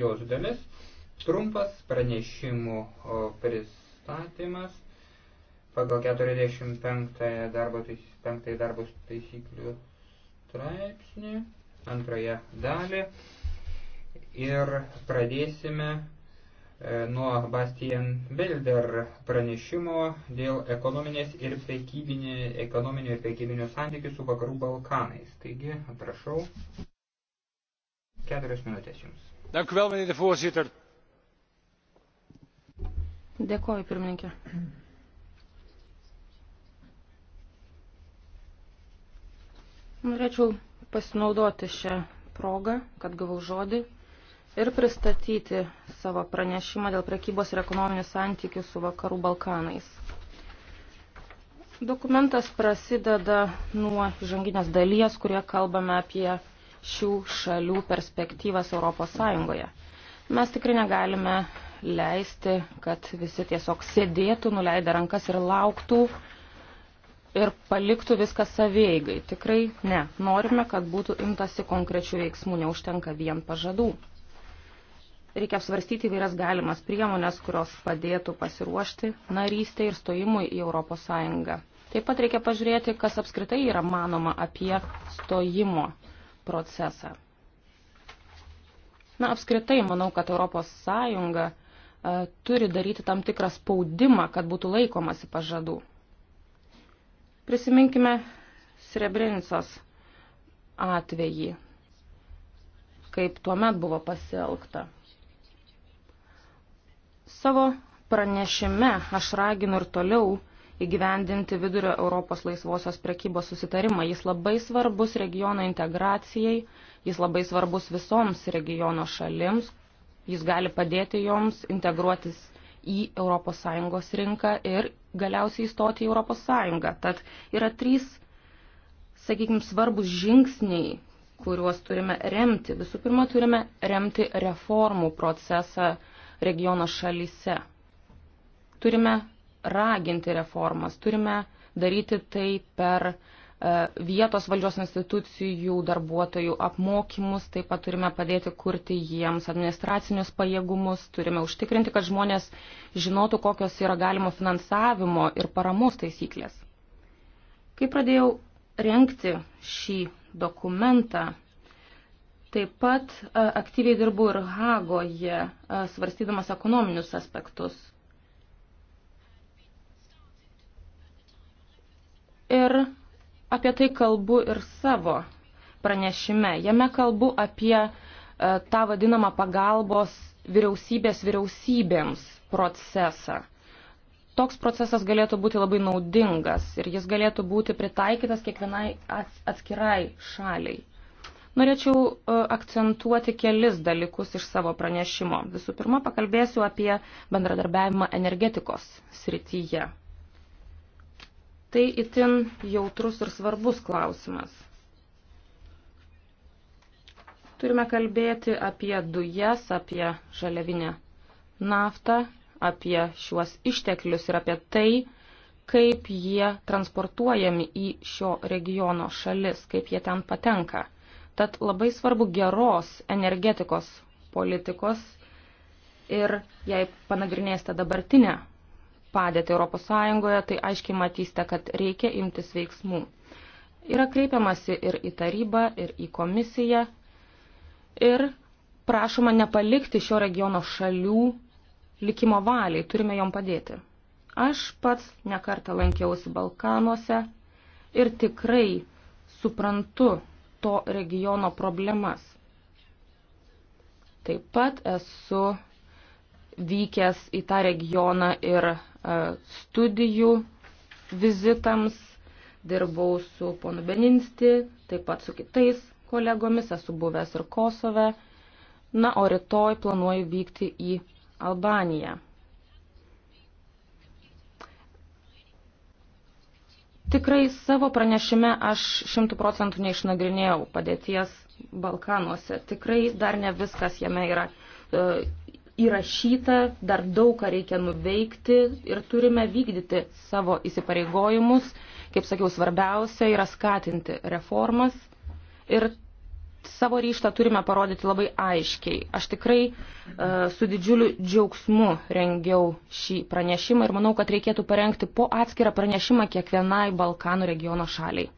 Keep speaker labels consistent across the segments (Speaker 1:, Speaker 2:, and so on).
Speaker 1: jos dalis. Trumpas pranešimų pristatymas pagal 45 darbo, tais, darbo taisyklių straipsnį, antroje dalį. Ir pradėsime e, nuo Bastian Belder pranešimo dėl ekonominės ir pekybinė, ekonominių ir pekybinių santykių su vakarų Balkanais. Taigi, prašau, keturios minutės jums voorzitter
Speaker 2: dėkoju pirmininke norėčiau pasinaudoti šią progą kad gavau žodį ir pristatyti savo pranešimą dėl prekybos ir ekonominių santykių su vakarų balkanais dokumentas prasideda nuo įžanginės dalies kurioje kalbame apie šių šalių perspektyvas Europos Sąjungoje. Mes tikrai negalime leisti, kad visi tiesiog sėdėtų, nuleidę rankas ir lauktų ir paliktų viską saveigai. Tikrai ne. Norime, kad būtų imtasi konkrečių veiksmų, neužtenka vien pažadų. Reikia apsvarstyti vairias galimas priemonės, kurios padėtų pasiruošti narystė ir stojimui į ES. Taip pat reikia pažiūrėti, kas apskritai yra manoma apie stojimo procesą. Na, apskritai, manau, kad Europos Sąjunga e, turi daryti tam tikrą spaudimą, kad būtų laikomasi pažadų. Prisiminkime Srebrenicos atvejį, kaip tuomet buvo pasielgta. Savo pranešime aš raginu ir toliau įgyvendinti vidurio Europos laisvosios prekybos susitarimą. Jis labai svarbus regiono integracijai, jis labai svarbus visoms regiono šalims, jis gali padėti joms integruotis į ES rinką ir galiausiai įstoti į ES. Tad yra trys, sakykime, svarbus žingsniai, kuriuos turime remti. Visų pirma, turime remti reformų procesą regiono šalyse. Turime raginti reformas, turime daryti tai per e, vietos valdžios institucijų darbuotojų apmokymus, taip pat turime padėti kurti jiems administracinius pajėgumus, turime užtikrinti, kad žmonės žinotų, kokios yra galimo finansavimo ir paramos taisyklės. Kai pradėjau renkti šį dokumentą, taip pat e, aktyviai dirbu ir Hagoje, e, svarstydamas ekonominius aspektus ir apie tai kalbu ir savo pranešime. Jame kalbu apie e, tą vadinamą pagalbos vyriausybės vyriausybėms procesą. Toks procesas galėtų būti labai naudingas ir jis galėtų būti pritaikytas kiekvienai atskirai šaliai. Norėčiau e, akcentuoti kelis dalykus iš savo pranešimo. Visų pirma, pakalbėsiu apie bendradarbiavimą energetikos srityje. Tai itin jautrus ir svarbus klausimas. Turime kalbėti apie dujas, apie žaliavinę naftą, apie šiuos išteklius ir apie tai, kaip jie transportuojami į šio regiono šalis, kaip jie ten patenka. Tad labai svarbu geros energetikos politikos ir jei panagrinėsite dabartinę padėtį ES, tai aiškiai matysite, kad reikia imtis veiksmų. Yra kreipiamasi ir į tarybą, ir į komisiją ir prašoma nepalikti šio regiono šalių likimo valiai, turime jom padėti. Aš pats nekartą lankiausi Balkanuose ir tikrai suprantu to regiono problemas. Taip pat esu vykęs į tą regioną ir e, studijų vizitams, dirbau su ponu Beninsti, taip pat su kitais kolegomis, esu buvęs ir Kosove. Na, o rytoj planuoju vykti į Albaniją. Tikrai savo pranešime aš šimtų procentų neišnagrinėjau padėties Balkanuose. Tikrai dar ne viskas jame yra. E, įrašyta, dar daug ką reikia nuveikti ir turime vykdyti savo įsipareigojimus. Kaip sakiau, svarbiausia yra skatinti reformas ir savo ryštą turime parodyti labai aiškiai. Aš tikrai uh, su didžiuliu džiaugsmu rengiau šį pranešimą ir manau, kad reikėtų parengti po atskirą pranešimą kiekvienai Balkanų regiono šaliai.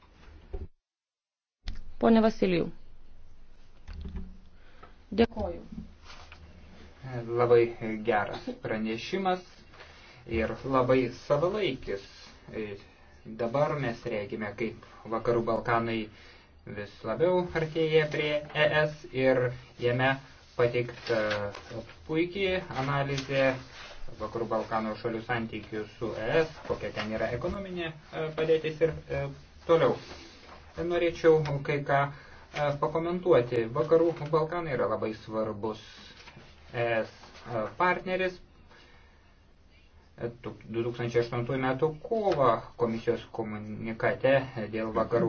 Speaker 2: Pone Vasilijų. Dėkoju.
Speaker 1: Labai geras pranešimas ir labai savalaikis. E, dabar mes reagime, kaip Vakarų Balkanai vis labiau artėja prie ES ir jame pateikta puikiai analizė Vakarų Balkanų šalių santykių su ES, kokia ten yra ekonominė e, padėtis ir e, toliau. Norėčiau kai ką pakomentuoti. Vakarų Balkanai yra labai svarbus ES partneris. 2008 metų kovo komisijos komunikate dėl vakarų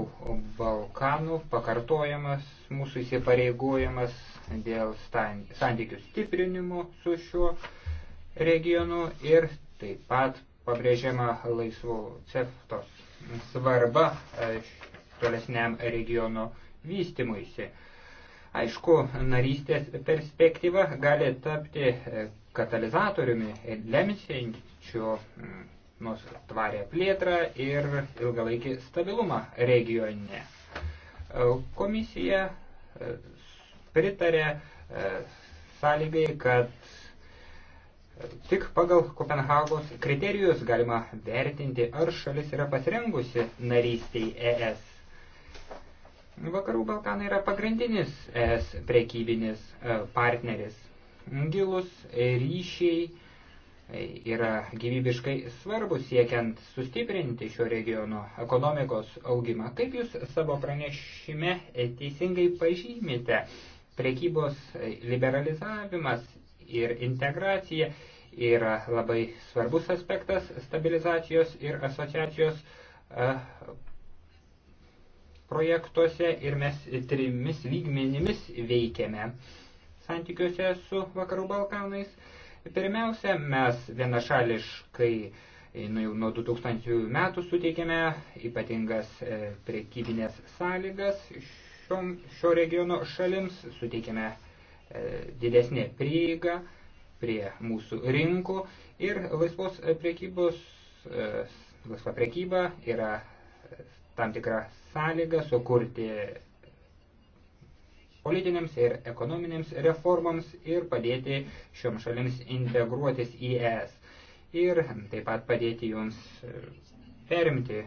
Speaker 1: Balkanų pakartojamas mūsų įsipareigojimas dėl santykių stiprinimo su šiuo regionu ir taip pat pabrėžiama laisvų ceftos svarba e, tolesniam regiono vystimuisi. Aišku, narystės perspektyva gali tapti e, katalizatoriumi e, lemsiančiu mūsų mm, tvarę plėtrą ir ilgalaikį stabilumą regione. E, komisija pritarė sąlygai, kad tik pagal Kopenhagos kriterijus galima vertinti, ar šalis yra pasirengusi narystiai ES. Vakarų Balkanai yra pagrindinis es prekybinis e, partneris. Gilus ryšiai e, yra gyvybiškai svarbus siekiant sustiprinti šio regiono ekonomikos augimą. Kaip jūs savo pranešime e, teisingai pažymite, prekybos liberalizavimas ir integracija yra labai svarbus aspektas stabilizacijos ir asociacijos projektuose ir mes trimis lygmenimis veikiame santykiuose su Vakarų Balkanais. Pirmiausia, mes vienašališkai e, nu, jau nuo 2000 metų suteikėme ypatingas e, prekybinės sąlygas šiom, šio regiono šalims, suteikėme e, didesnė prieiga prie mūsų rinkų ir laisvos prekybos, laisva prekyba yra tam tikras sąlygas sukurti politinėms ir ekonominėms reformoms ir padėti šioms šalims integruotis į ES. Ir taip pat padėti joms e, perimti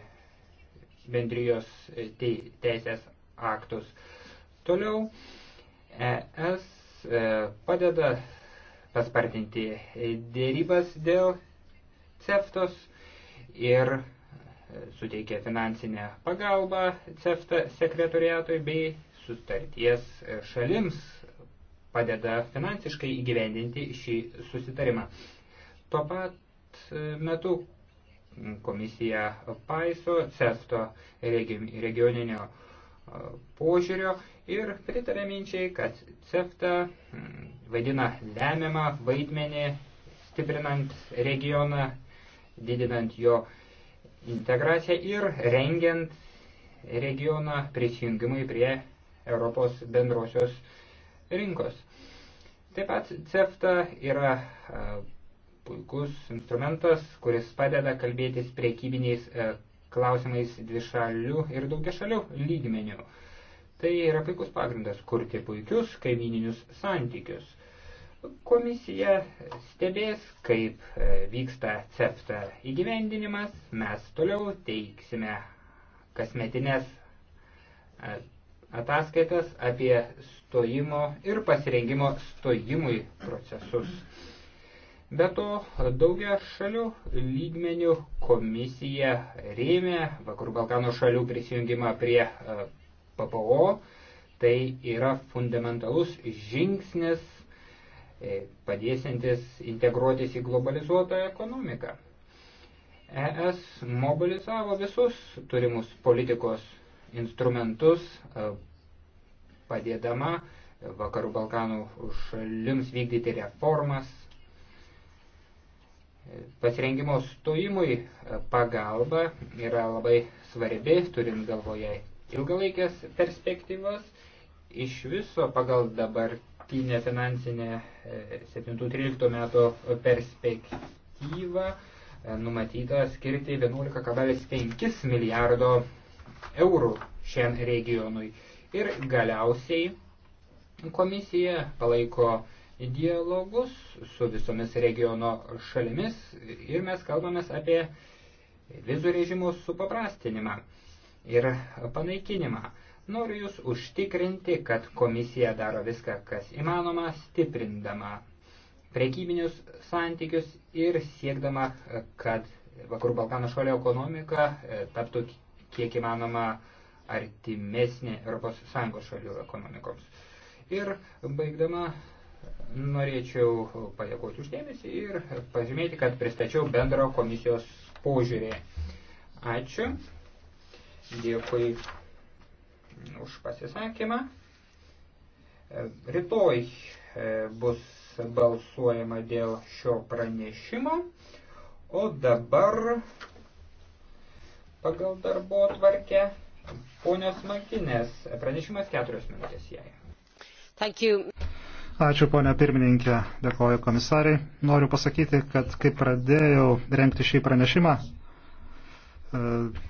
Speaker 1: bendrijos e, teisės aktus. Toliau ES e, padeda paspartinti dėrybas dėl CEFTOS ir suteikė finansinę pagalbą CEFTA sekretoriatui bei sutarties šalims padeda finansiškai įgyvendinti šį susitarimą. Tuo pat metu komisija paiso CEFTO regioninio požiūrio ir pritarė minčiai, kad CEFTA vaidina lemiamą vaidmenį stiprinant regioną, didinant jo integraciją ir rengiant regioną prisijungimui prie Europos bendrosios rinkos. Taip pat CEFTA yra puikus instrumentas, kuris padeda kalbėtis priekybiniais klausimais dvišalių ir daugiašalių lygmenių. Tai yra puikus pagrindas kurti puikius kaimininius santykius. Komisija stebės, kaip e, vyksta CEFTA įgyvendinimas. Mes toliau teiksime kasmetinės e, ataskaitas apie stojimo ir pasirengimo stojimui procesus. Be to, daugia šalių lygmenių komisija rėmė Vakarų Balkanų šalių prisijungimą prie e, PPO. Tai yra fundamentalus žingsnis E, padėsintis integruotis į globalizuotą ekonomiką. ES mobilizavo visus turimus politikos instrumentus, e, padėdama Vakarų Balkanų šalims vykdyti reformas, e, pasirengimo stojimui pagalba yra labai svarbi, turint galvoje ilgalaikės perspektyvas. Iš viso pagal dabar dabartinę finansinę 7-13 e, metų perspektyvą e, numatyta skirti 11,5 milijardo eurų šiam regionui. Ir galiausiai komisija palaiko dialogus su visomis regiono šalimis ir mes kalbame apie vizų režimų supaprastinimą ir panaikinimą. Noriu Jūs užtikrinti, kad komisija daro viską, kas įmanoma, stiprindama prekybinius santykius ir siekdama, kad Vakarų Balkanų šalio ekonomika e, taptų kiek įmanoma artimesnė ES šalių ekonomikoms. Ir baigdama norėčiau padėkoti uždėmesį ir pažymėti, kad pristačiau bendro komisijos požiūrį. Ačiū. Dėkui už pasisakymą. Rytoj e, bus balsuojama dėl šio pranešimo, o dabar pagal darbo atvarkę ponios Makinės pranešimas keturios minutės jai. Thank you. Ačiū, ponia pirmininkė, dėkoju komisariai. Noriu pasakyti, kad kai pradėjau renkti šį pranešimą, e,